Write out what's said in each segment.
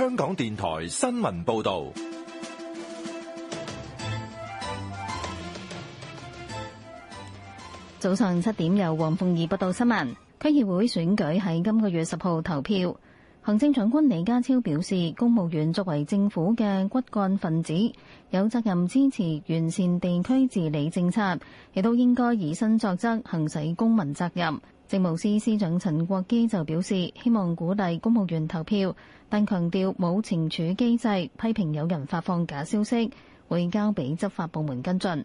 香港電台新聞報道，早上七點由黃鳳儀報道新聞。區議會選舉喺今個月十號投票。行政長官李家超表示，公務員作為政府嘅骨幹分子，有責任支持完善地區治理政策，亦都應該以身作則，行使公民責任。政務司司長陳國基就表示，希望鼓勵公務員投票，但強調冇懲處機制，批評有人發放假消息，會交畀執法部門跟進。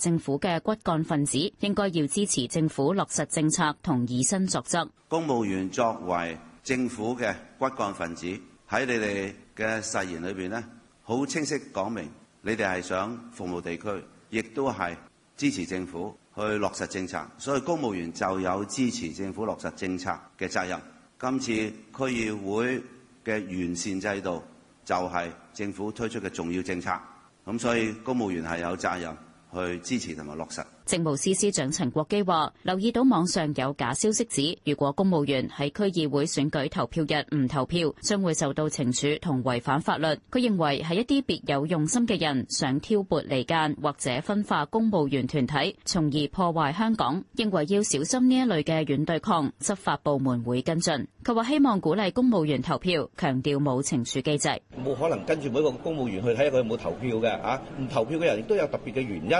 政府嘅骨幹分子應該要支持政府落實政策，同以身作則。公務員作為政府嘅骨幹分子，喺你哋嘅誓言裏邊咧，好清晰講明你哋係想服務地區亦都係支持政府去落實政策，所以公務員就有支持政府落實政策嘅責任。今次區議會嘅完善制度就係政府推出嘅重要政策，咁所以公務員係有責任。去支持同埋落實。政務司司長陳國基話，留意到網上有假消息指，如果公務員喺區議會選舉投票日唔投票，將會受到懲處同違反法律。佢認為係一啲別有用心嘅人想挑撥離間或者分化公務員團體，從而破壞香港。認為要小心呢一類嘅軟對抗，執法部門會跟進。佢話希望鼓勵公務員投票，強調冇懲處機制，冇可能跟住每個公務員去睇下佢有冇投票嘅。啊，唔投票嘅人亦都有特別嘅原因。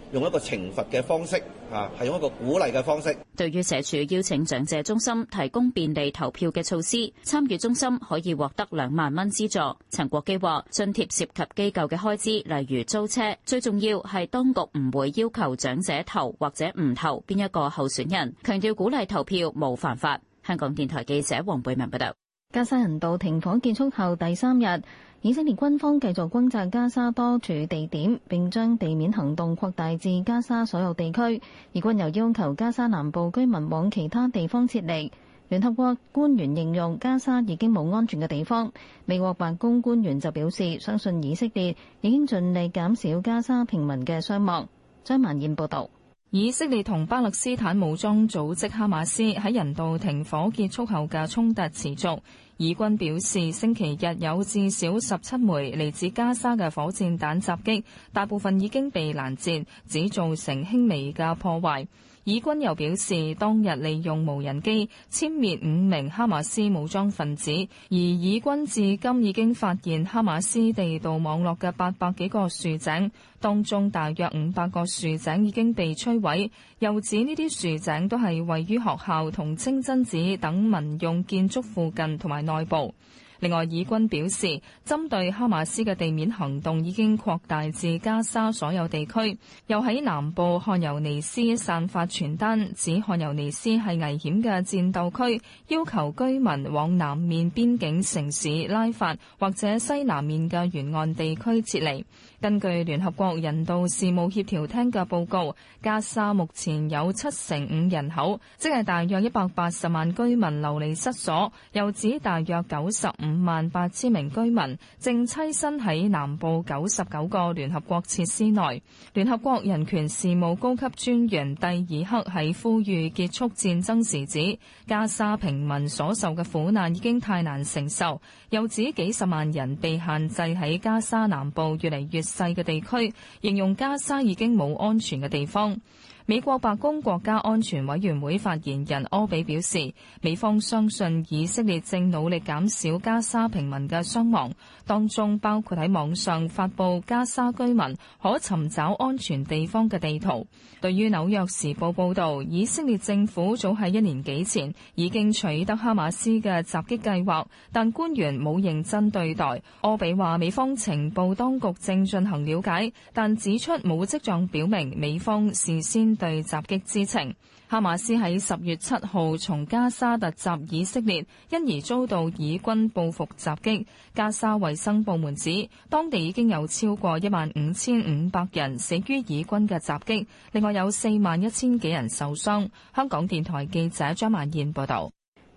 用一個懲罰嘅方式，啊，係用一個鼓勵嘅方式。對於社署邀請長者中心提供便利投票嘅措施，參與中心可以獲得兩萬蚊資助。陳國基話：津貼涉及機構嘅開支，例如租車，最重要係當局唔會要求長者投或者唔投邊一個候選人。強調鼓勵投票冇犯法。香港電台記者黃貝文報道。加沙人道停火結束後第三日，以色列軍方繼續轟炸加沙多處地點，並將地面行動擴大至加沙所有地區。以軍又要求加沙南部居民往其他地方撤離。聯合國官員形容加沙已經冇安全嘅地方，美國白宮官員就表示相信以色列已經盡力減少加沙平民嘅傷亡。張曼燕報導。以色列同巴勒斯坦武裝組織哈馬斯喺人道停火結束後嘅衝突持續。以軍表示，星期日有至少十七枚嚟自加沙嘅火箭彈襲擊，大部分已經被攔截，只造成輕微嘅破壞。以軍又表示，當日利用無人機殲滅五名哈馬斯武裝分子，而以軍至今已經發現哈馬斯地道網絡嘅八百幾個樹井，當中大約五百個樹井已經被摧毀。又指呢啲樹井都係位於學校同清真寺等民用建築附近同埋內部。另外，以軍表示，針對哈馬斯嘅地面行動已經擴大至加沙所有地區，又喺南部漢尤尼斯散發傳單，指漢尤尼斯係危險嘅戰鬥區，要求居民往南面邊境城市拉法或者西南面嘅沿岸地區撤離。根據聯合國人道事務協調廳嘅報告，加沙目前有七成五人口，即係大約一百八十萬居民流離失所，又指大約九十五五萬八千名居民正棲身喺南部九十九個聯合國設施內。聯合國人權事務高級專員蒂爾克喺呼籲結束戰爭時指，加沙平民所受嘅苦難已經太難承受，又指幾十萬人被限制喺加沙南部越嚟越細嘅地區，形容加沙已經冇安全嘅地方。美國白宮國家安全委員會發言人柯比表示，美方相信以色列正努力減少加沙平民嘅傷亡，當中包括喺網上發佈加沙居民可尋找安全地方嘅地圖。對於紐約時報報道，以色列政府早喺一年幾前已經取得哈馬斯嘅襲擊計劃，但官員冇認真對待。柯比話，美方情報當局正進行了解，但指出冇跡象表明美方事先。對襲擊之情，哈馬斯喺十月七號從加沙突襲以色列，因而遭到以軍報復襲擊。加沙衛生部門指，當地已經有超過一萬五千五百人死於以軍嘅襲擊，另外有四萬一千幾人受傷。香港電台記者張萬燕報道。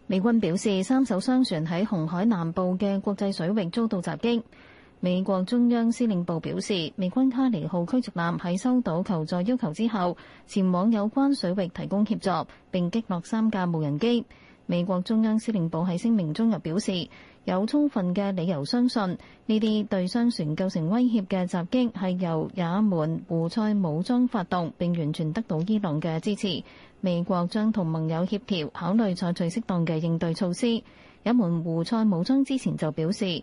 美軍表示，三艘商船喺紅海南部嘅國際水域遭到襲擊。美國中央司令部表示，美軍卡尼號驅逐艦喺收到求助要求之後，前往有關水域提供協助並擊落三架無人機。美國中央司令部喺聲明中又表示，有充分嘅理由相信呢啲對商船構成威脅嘅襲擊係由也門胡塞武裝發動並完全得到伊朗嘅支持。美國將同盟友協調，考慮採取適當嘅應對措施。也門胡塞武裝之前就表示，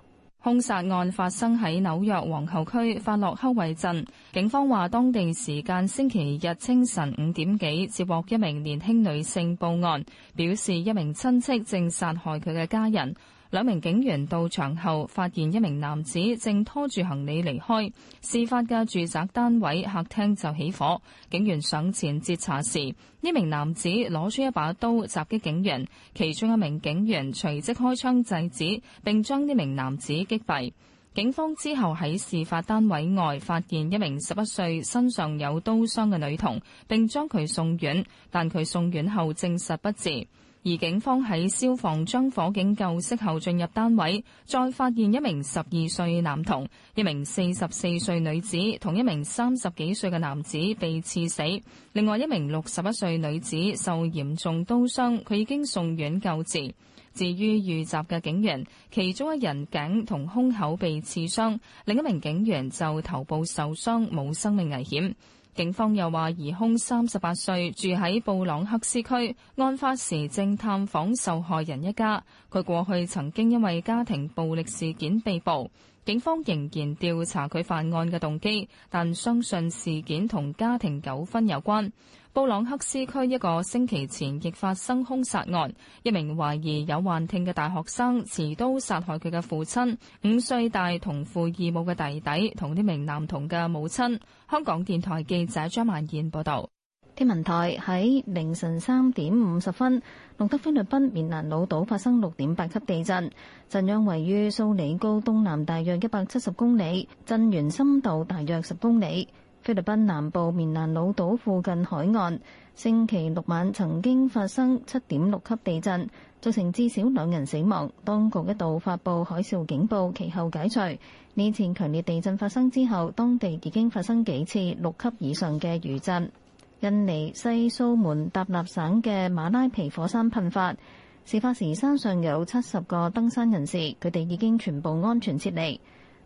凶殺案發生喺紐約皇后區法洛克韋鎮，警方話當地時間星期日清晨五點幾接獲一名年輕女性報案，表示一名親戚正殺害佢嘅家人。兩名警員到場後，發現一名男子正拖住行李離開。事發嘅住宅單位客廳就起火，警員上前截查時，呢名男子攞出一把刀襲擊警員，其中一名警員隨即開槍制止，並將呢名男子擊斃。警方之後喺事發單位外發現一名十一歲身上有刀傷嘅女童，並將佢送院，但佢送院後證實不治。而警方喺消防將火警救熄後進入單位，再發現一名十二歲男童、一名四十四歲女子同一名三十幾歲嘅男子被刺死，另外一名六十一歲女子受嚴重刀傷，佢已經送院救治。至於遇襲嘅警員，其中一人頸同胸口被刺傷，另一名警員就頭部受傷，冇生命危險。警方又話，疑兇三十八歲，住喺布朗克斯區，案發時正探訪受害人一家。佢過去曾經因為家庭暴力事件被捕。警方仍然調查佢犯案嘅動機，但相信事件同家庭糾紛有關。布朗克斯區一個星期前亦發生凶殺案，一名懷疑有幻聽嘅大學生持刀殺害佢嘅父親，五歲大同父異母嘅弟弟同呢名男童嘅母親。香港電台記者張曼燕報道。天文台喺凌晨三點五十分，錄得菲律賓棉蘭老島發生六點八級地震，震央位於蘇里高東南大約一百七十公里，震源深度大約十公里。菲律賓南部棉蘭老島附近海岸，星期六晚曾經發生七點六級地震，造成至少兩人死亡。當局一度發布海嘯警報，其後解除。呢次強烈地震發生之後，當地已經發生幾次六級以上嘅餘震。印尼西蘇門答臘省嘅馬拉皮火山噴發，事發時山上有七十個登山人士，佢哋已經全部安全撤離。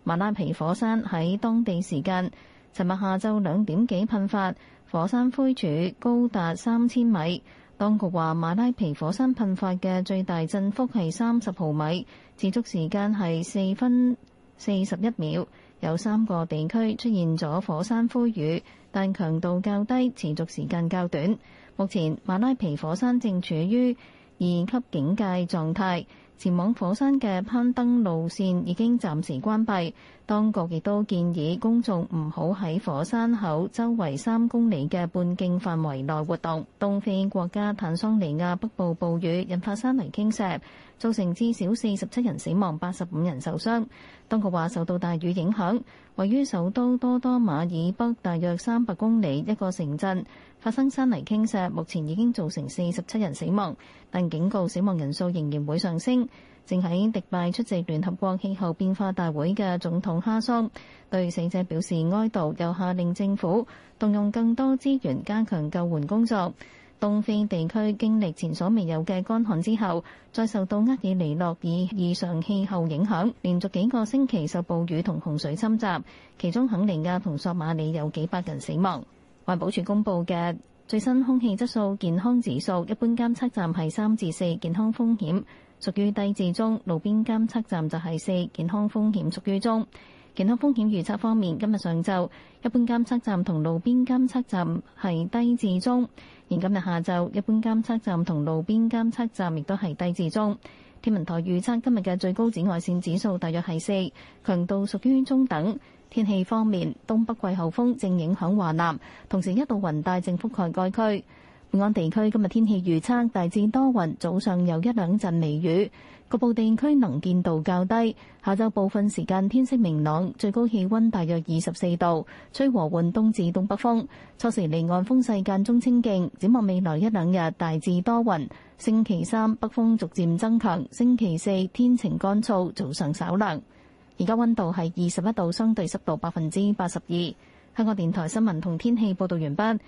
馬拉皮火山喺當地時間尋日下晝兩點幾噴發，火山灰柱高達三千米。當局話馬拉皮火山噴發嘅最大振幅係三十毫米，持續時間係四分四十一秒。有三個地區出現咗火山灰雨，但強度較低，持續時間較短。目前，馬拉皮火山正處於二級警戒狀態，前往火山嘅攀登路線已經暫時關閉。當局亦都建議公眾唔好喺火山口周圍三公里嘅半徑範圍內活動。東非國家坦桑尼亞北部暴雨引發山泥傾瀉，造成至少四十七人死亡、八十五人受傷。當局話受到大雨影響，位於首都多多馬以北大約三百公里一個城鎮發生山泥傾瀉，目前已經造成四十七人死亡，但警告死亡人數仍然會上升。正喺迪拜出席聯合國氣候變化大會嘅總統哈桑對死者表示哀悼，又下令政府動用更多資源加強救援工作。東非地區經歷前所未有嘅乾旱之後，再受到厄爾尼諾爾異常氣候影響，連續幾個星期受暴雨同洪水侵襲，其中肯尼亞同索馬里有幾百人死亡。環保署公布嘅最新空氣質素健康指數，一般監測站係三至四，健康風險屬於低至中，路邊監測站就係四，健康風險屬於中。健康風險預測方面，今日上晝一般監測站同路邊監測站係低至中，而今日下晝一般監測站同路邊監測站亦都係低至中。天文台預測今日嘅最高紫外線指數大約係四，強度屬於中等。天氣方面，東北季候風正影響華南，同時一道雲帶正覆蓋該區。本港地區今日天氣預測大致多雲，早上有一兩陣微雨，局部地區能見度較低。下晝部分時間天色明朗，最高氣温大約二十四度，吹和緩東至東北風。初時離岸風勢間中清勁。展望未來一兩日大致多雲，星期三北風逐漸增強，星期四天晴乾燥，早上稍涼。而家温度係二十一度，相對濕度百分之八十二。香港電台新聞同天氣報導完畢。